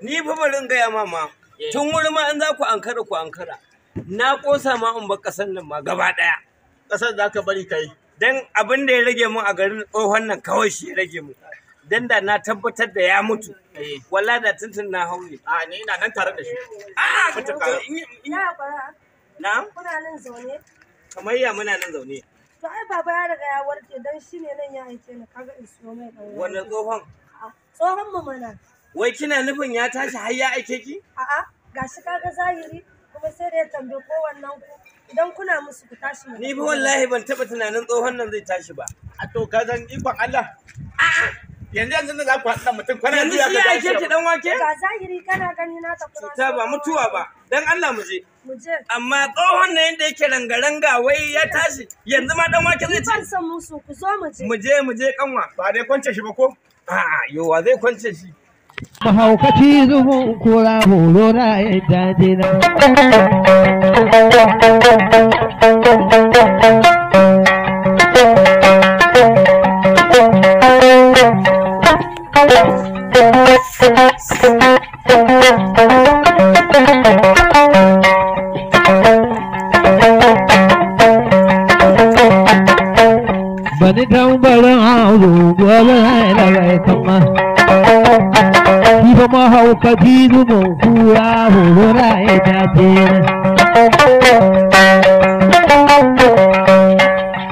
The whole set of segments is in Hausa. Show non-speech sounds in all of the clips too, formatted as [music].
ni fa barin gaya ma ma eh. tun wuri ma in za ku ankara ku ankara na kosa ma in ba kasar nan ma gaba daya kasar za ka bari kai dan abin da ya rage mu a garin tsohon nan kawai shi ya rage mu dan da na tabbatar da ya mutu eh. walla da tuntun na hauye a ni ina nan tare da shi a ya ba na kuna nan zaune kamar ya muna nan zaune to ai baba ya riga ya warke dan shine nan ya aike ni kaga in so mai wani tsohon tsohon mu mana Wai kina nufin ya tashi har ya aike ki? A'a, gashi kaga zahiri kuma sai da ya tambaye wannan ku idan kuna musu ku tashi Ni fa wallahi ban taba tunanin tsohon nan zai tashi ba. A to ka zan ikon Allah. A'a. Yanzu yanzu ne za ku haɗa mutum kwana biyu ka tashi. Yanzu shi ke dan wake? Ga zahiri kana gani na kuma. Ta ba mutuwa ba. Dan Allah mu je. Mu je. Amma tsohon nan yadda yake rangaranga wai ya tashi. Yanzu ma dan wake zai ci. Ban san musu ku zo mu je. Mu je mu je kanwa. Ba dai kwance shi ba ko? A'a, yo wa zai kwance shi? mahaukaci zuhu kura horo ra'ayi dajina Bani dang balang hao yu gwa lai la lai tama fa mahaukaci zubin kura hurura ya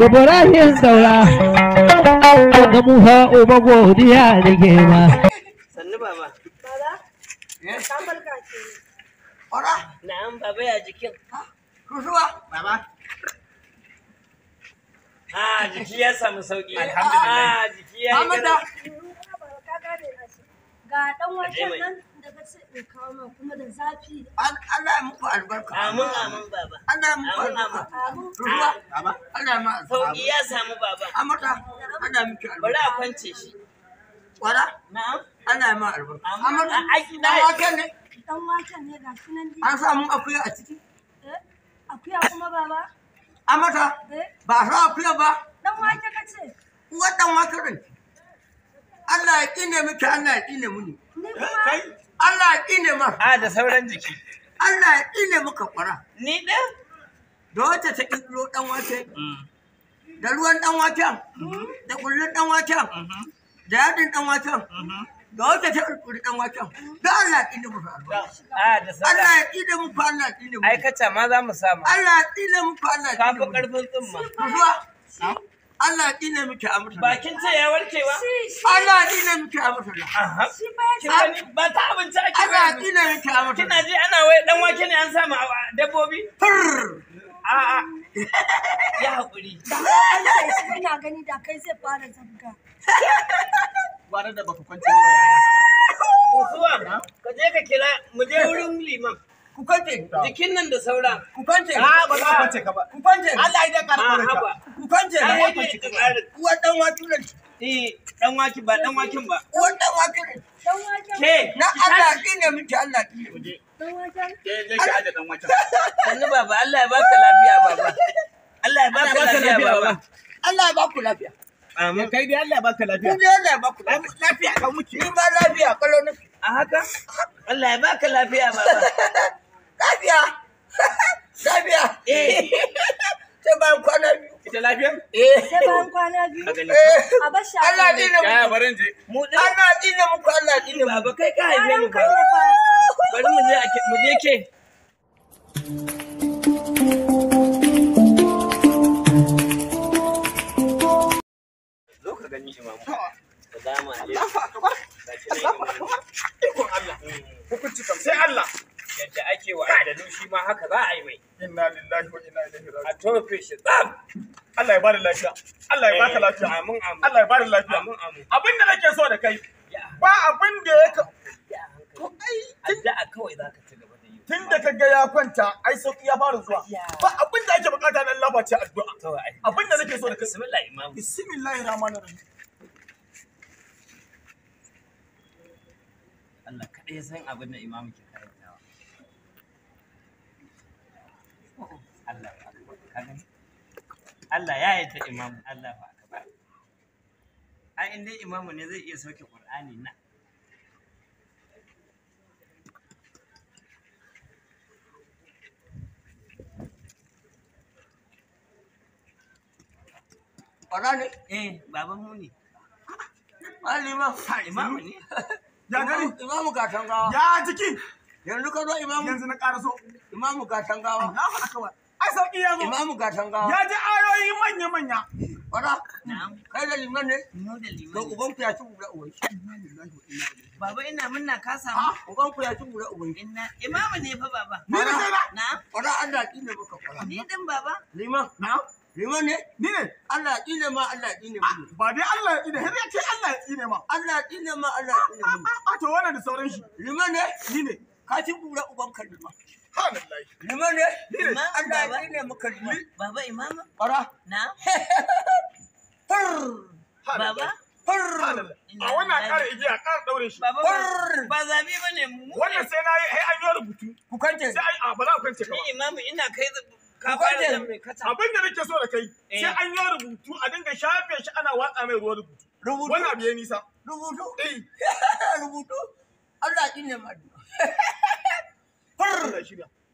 Ibrahim Saura ga muha uba godiya da gema. Sannu baba. Baba? Eh? Ora? Na'am baba ya jikin. Kusuwa? Baba. Ah jiki ya samu sauki. Alhamdulillah. Ah jiki ya ga dan wajen nan da ka ce in kawo kuma da zafi Allah ya muku albarka amin amin baba Allah ya muku albarka ruwa baba Allah ya ma sauki ya samu baba amata Allah ya muku albarka bari a kwance shi wala na'am Allah ya ma albarka amata dan ne dan waken ne ga shi nan an samu akuya a ciki eh akuya kuma baba amata eh. ba a sa akuya ba dan wake kace dan wake Allah ya kine miki Allah ya kine muni eh, Allah ya kine ma a ah, da sauran jiki Allah ya kine muka kwara ni da da wata ta kiro dan wake mm. da ruwan dan waken mm-hmm. da kullun dan waken mm-hmm. da yadin dan waken mm-hmm. da wata ta kuri dan waken da Allah ya kine muka a da sauran Allah ya kine fa Allah ya kine mu. aikata ma za mu samu Allah ya kine fa Allah ya kine Ka kafin karfin tsumma Allah dina miki a mutala. Bakin ce ya warke ba? Allah dina miki a mutala. Ba ta abinci ake ba. Allah dina miki a Kina ji ana wai dan wake ne an sama dabbobi? Fur. A'a. Ya haƙuri. Da an ce shi gani da kai zai fara zabga. Bara da baka kwanta ba. Kusuwa, ka je ka kira mu je wurin liman. ku kwanta. jikin nan da saura ku kwanta. a ba za ku kwanta ka ba ku kwanta. Allah ya da karɓar ka kwance da wata cikin uwa dan wake ne eh dan wake ba dan waken ba uwa dan wake ne dan wake ke na Allah dine miki Allah dine miki dan wake ke je ki aje dan wake sannu [laughs] baba Allah ya baka lafiya baba Allah ya baka lafiya baba Allah ya baka lafiya Amin. Kai dai Allah ya baka lafiya. Ni Allah ya baka lafiya. Lafiya ka muke. Ni ba lafiya kalau na. A haka? Allah ya baka lafiya baba. [laughs] ita lafiya? Eh. Sai bayan kwana biyu. Eh. A bar shi. Allah dina mu. Kaya barin je. Mu din. Allah dina muku Allah dina mu. Baba kai ka haife mu ba. Bari mu je a mu je ke. Zo ka gani imamu. Ka dama ne. Allah. Mm. Hukunci kam sai Allah. yadda ake wa adanu shi ma haka za a yi mai. Inna lillahi wa inna ilaihi raji'un. A tofe shi tsaf. Allah ya bada lafiya Allah ya baka eh, lafiya amin amin Allah ya bada lafiya amin amin Abin da nake so da kai ba abin da ya ka to ai addu'a kawai zaka ci gaba da yi tun da kaga ya kwanta ai sauki ya fara zuwa ba abin da ake bukata na Allah ba ce addu'a abin da nake so da kai bismillah imam bismillahir rahmanir rahim Allah kaɗai san abin da imamu ke karantawa oh, Allah ya ka gani Allah ya yarda imamu Allah ba ba. ai in dai imamu ne zai iya sauke Qur'ani na Qur'ani? Eh, baban mu ne. Ah, ma Ha, imamu ne. Ya gani? Imamu ka gawa. Ya jiki. Yanzu ka zo imamu. Yanzu na ƙaraso. Imamu gatan gawa. Allahu akbar. ai sauki ya zo imamu gatanga ya ji ayoyi manya manya fara kai da liman ne da liman to uban ku ya ci gura uban baba ina munna ka samu ah, uban ku ya ci gura uban inna imamu ne fa baba ni ne sai na fara Allah ki ne baka fara ni din baba liman na liman ne ni ne Allah ya ne ma Allah ya tsine ah, mu ba dai Allah ya tsine har ya ce Allah ya tsine ma Allah ya tsine ma Allah ya tsine mu a ah, to wannan da sauran shi liman ne ni ne ka ci gura uban ka liman ne Allah ne baba [laughs] baba a ƙara ƙara shi ba mu sai yi yi a abin da nake so da kai eh. sai an yi rubutu a dinga shafe shi ana watsa mai ruwan rubutu rubutu wannan abu nisa rubutu eh [laughs] rubutu Allah ya ne madu [laughs] fur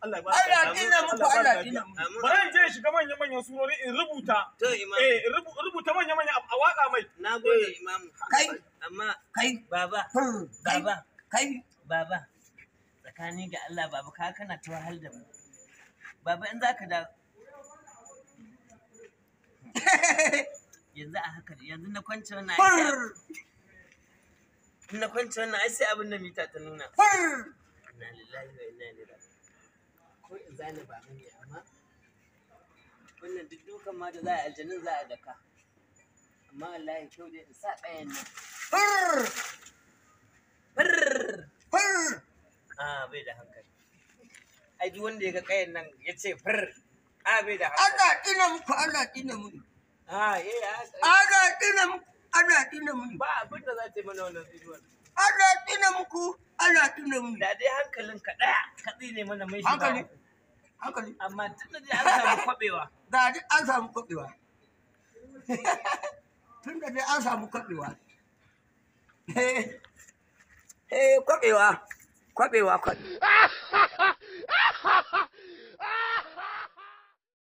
Allah dina muku Allah dina muku bari je shiga manyan manyan surori in rubuta imamu. eh rubuta manyan manyan a waka mai Na gode eh. imamu kai amma kai baba baba kai baba tsakani ga Allah baba ka kana ta wahal da mu baba in za ka da [laughs] yanzu a haka yanzu na kwance wannan na kwanci wannan ai sai abin da mita ta nuna inna lillahi wa inna ilaihi raji'un ko in zane ba ne amma wannan duk dukan ma da za a aljanin za a daka amma wallahi kyau dai in sa ɗayan nan fur fur fur a bai da hankali ai duk wanda ya ga ƙayan nan ya ce fur a bai da hankali ana ina muku ana tsina muku a eh ana ina muku ana ina muku ba abin da za ta yi mana wannan tsinuwar ana tuna muku ana tuna mu da dai hankalin ka daya ka tsine mana mai shi hankali hankali amma tunda dai an samu kwabewa [laughs] da dai an samu kwabewa [laughs] tunda dai an samu kwabewa eh eh kwabewa kwabewa kwabewa [laughs]